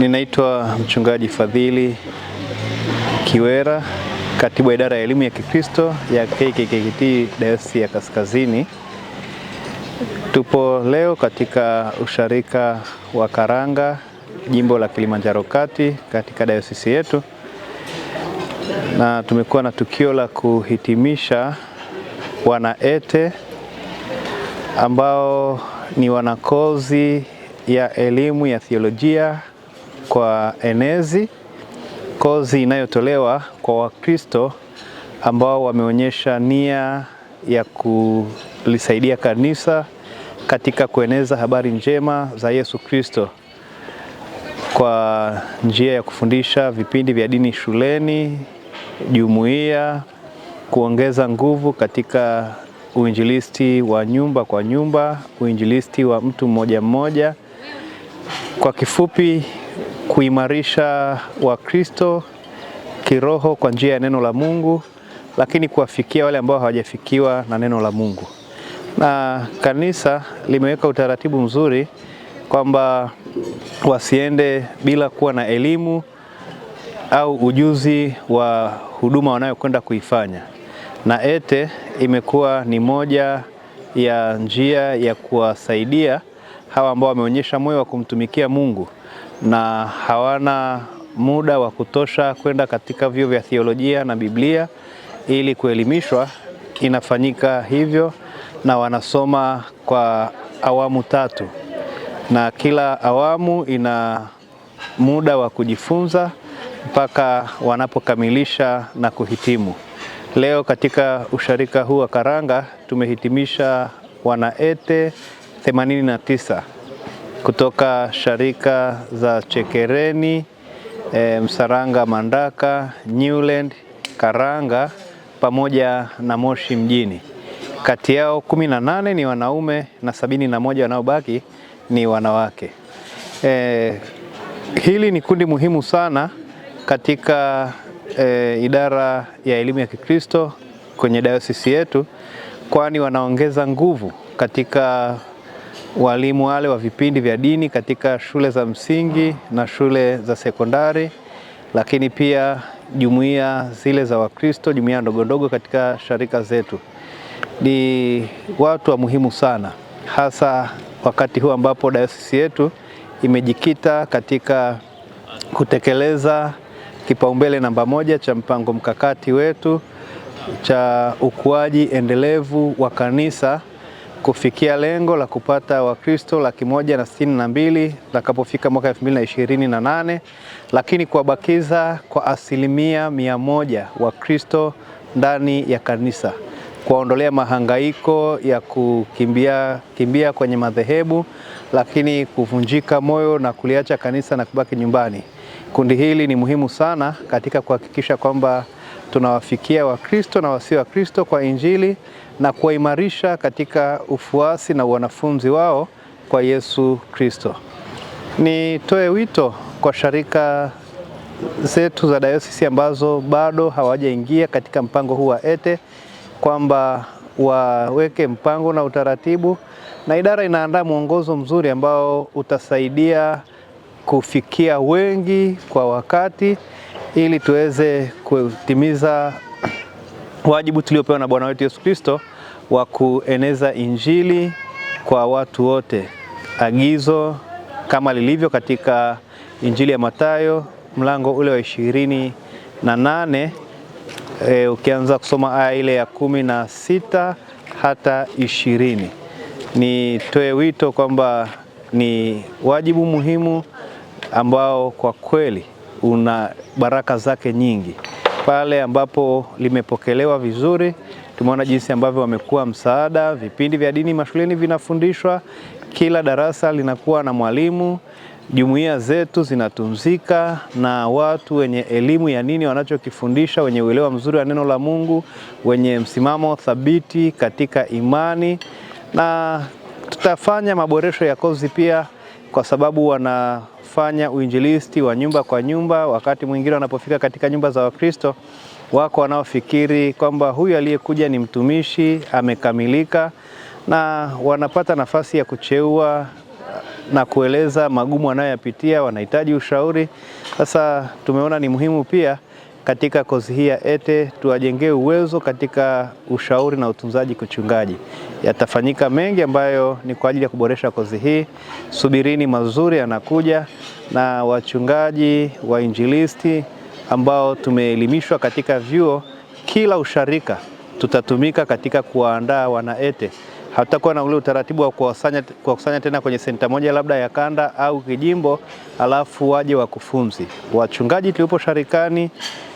Ninaitwa mchungaji Fadhili Kiwera, katibu wa idara ya elimu ya Kikristo ya KKKT Dayosisi ya Kaskazini. Tupo leo katika usharika wa Karanga, jimbo la Kilimanjaro Kati, katika dayosisi yetu, na tumekuwa na tukio la kuhitimisha wanaETE ambao ni wanakozi ya elimu ya theolojia kwa enezi kozi inayotolewa kwa Wakristo ambao wameonyesha nia ya kulisaidia kanisa katika kueneza habari njema za Yesu Kristo kwa njia ya kufundisha vipindi vya dini shuleni, jumuiya, kuongeza nguvu katika uinjilisti wa nyumba kwa nyumba, uinjilisti wa mtu mmoja mmoja. Kwa kifupi kuimarisha Wakristo kiroho kwa njia ya neno la Mungu, lakini kuwafikia wale ambao hawajafikiwa na neno la Mungu. Na kanisa limeweka utaratibu mzuri kwamba wasiende bila kuwa na elimu au ujuzi wa huduma wanayokwenda kuifanya, na ETE imekuwa ni moja ya njia ya kuwasaidia hawa ambao wameonyesha moyo wa kumtumikia Mungu na hawana muda wa kutosha kwenda katika vyuo vya theolojia na Biblia ili kuelimishwa, inafanyika hivyo na wanasoma kwa awamu tatu, na kila awamu ina muda wa kujifunza mpaka wanapokamilisha na kuhitimu. Leo katika usharika huu wa Karanga tumehitimisha wanaete 89 kutoka sharika za Chekereni, e, Msaranga, Mandaka, Newland, Karanga pamoja na Moshi mjini. Kati yao kumi na nane ni wanaume na sabini na moja wanaobaki ni wanawake. E, hili ni kundi muhimu sana katika e, idara ya elimu ya Kikristo kwenye dayosisi yetu, kwani wanaongeza nguvu katika walimu wale wa vipindi vya dini katika shule za msingi na shule za sekondari, lakini pia jumuiya zile za Wakristo, jumuiya ndogondogo katika sharika zetu, ni watu wa muhimu sana, hasa wakati huu ambapo dayosisi yetu imejikita katika kutekeleza kipaumbele namba moja cha mpango mkakati wetu cha ukuaji endelevu wa kanisa kufikia lengo la kupata Wakristo laki moja na sitini na mbili takapofika mwaka elfu mbili na ishirini na nane lakini kuwabakiza kwa asilimia mia moja Wakristo ndani ya kanisa, kuwaondolea mahangaiko ya kukimbia kimbia kwenye madhehebu, lakini kuvunjika moyo na kuliacha kanisa na kubaki nyumbani. Kundi hili ni muhimu sana katika kuhakikisha kwamba tunawafikia Wakristo na wasio Wakristo kwa Injili na kuwaimarisha katika ufuasi na wanafunzi wao kwa Yesu Kristo. Nitoe wito kwa sharika zetu za dayosisi ambazo bado hawajaingia katika mpango huu wa ETE kwamba waweke mpango na utaratibu, na idara inaandaa mwongozo mzuri ambao utasaidia kufikia wengi kwa wakati ili tuweze kutimiza wajibu tuliopewa na Bwana wetu Yesu Kristo wa kueneza Injili kwa watu wote, agizo kama lilivyo katika Injili ya Mathayo mlango ule wa ishirini na nane e, ukianza kusoma aya ile ya kumi na sita hata ishirini. Nitoe wito kwamba ni wajibu muhimu ambao kwa kweli una baraka zake nyingi pale ambapo limepokelewa vizuri. Tumeona jinsi ambavyo wamekuwa msaada, vipindi vya dini mashuleni vinafundishwa, kila darasa linakuwa na mwalimu, jumuiya zetu zinatunzika na watu wenye elimu ya nini wanachokifundisha, wenye uelewa mzuri wa neno la Mungu, wenye msimamo thabiti katika imani, na tutafanya maboresho ya kozi pia kwa sababu wanafanya uinjilisti wa nyumba kwa nyumba. Wakati mwingine wanapofika katika nyumba za Wakristo, wako wanaofikiri kwamba huyu aliyekuja ni mtumishi amekamilika, na wanapata nafasi ya kucheua na kueleza magumu wanayoyapitia, wanahitaji ushauri. Sasa tumeona ni muhimu pia katika kozi hii ya ETE e, tuwajengee uwezo katika ushauri na utunzaji kichungaji. Yatafanyika mengi ambayo ni kwa ajili ya kuboresha kozi hii. Subirini, mazuri yanakuja, na wachungaji wa injilisti ambao tumeelimishwa katika vyuo kila usharika tutatumika katika kuwaandaa wana ETE hatutakuwa na ule utaratibu wa kuwakusanya tena kwenye senta moja labda ya kanda au kijimbo, alafu waje wakufunzi. Wachungaji tulipo sharikani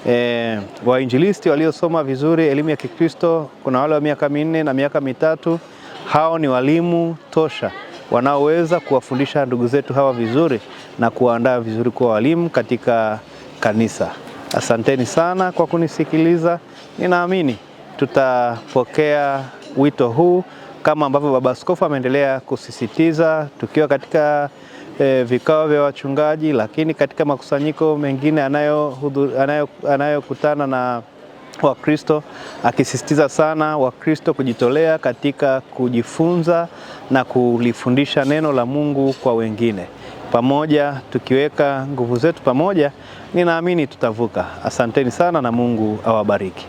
e, wainjilisti waliosoma vizuri elimu ya Kikristo, kuna wale wa miaka minne na miaka mitatu, hao ni walimu tosha wanaoweza kuwafundisha ndugu zetu hawa vizuri na kuwaandaa vizuri kuwa walimu katika kanisa. Asanteni sana kwa kunisikiliza. Ninaamini tutapokea wito huu kama ambavyo Baba Askofu ameendelea kusisitiza tukiwa katika e, vikao vya wachungaji, lakini katika makusanyiko mengine anayokutana anayo, anayo na Wakristo akisisitiza sana Wakristo kujitolea katika kujifunza na kulifundisha neno la Mungu kwa wengine. Pamoja tukiweka nguvu zetu pamoja, ninaamini tutavuka. Asanteni sana na Mungu awabariki.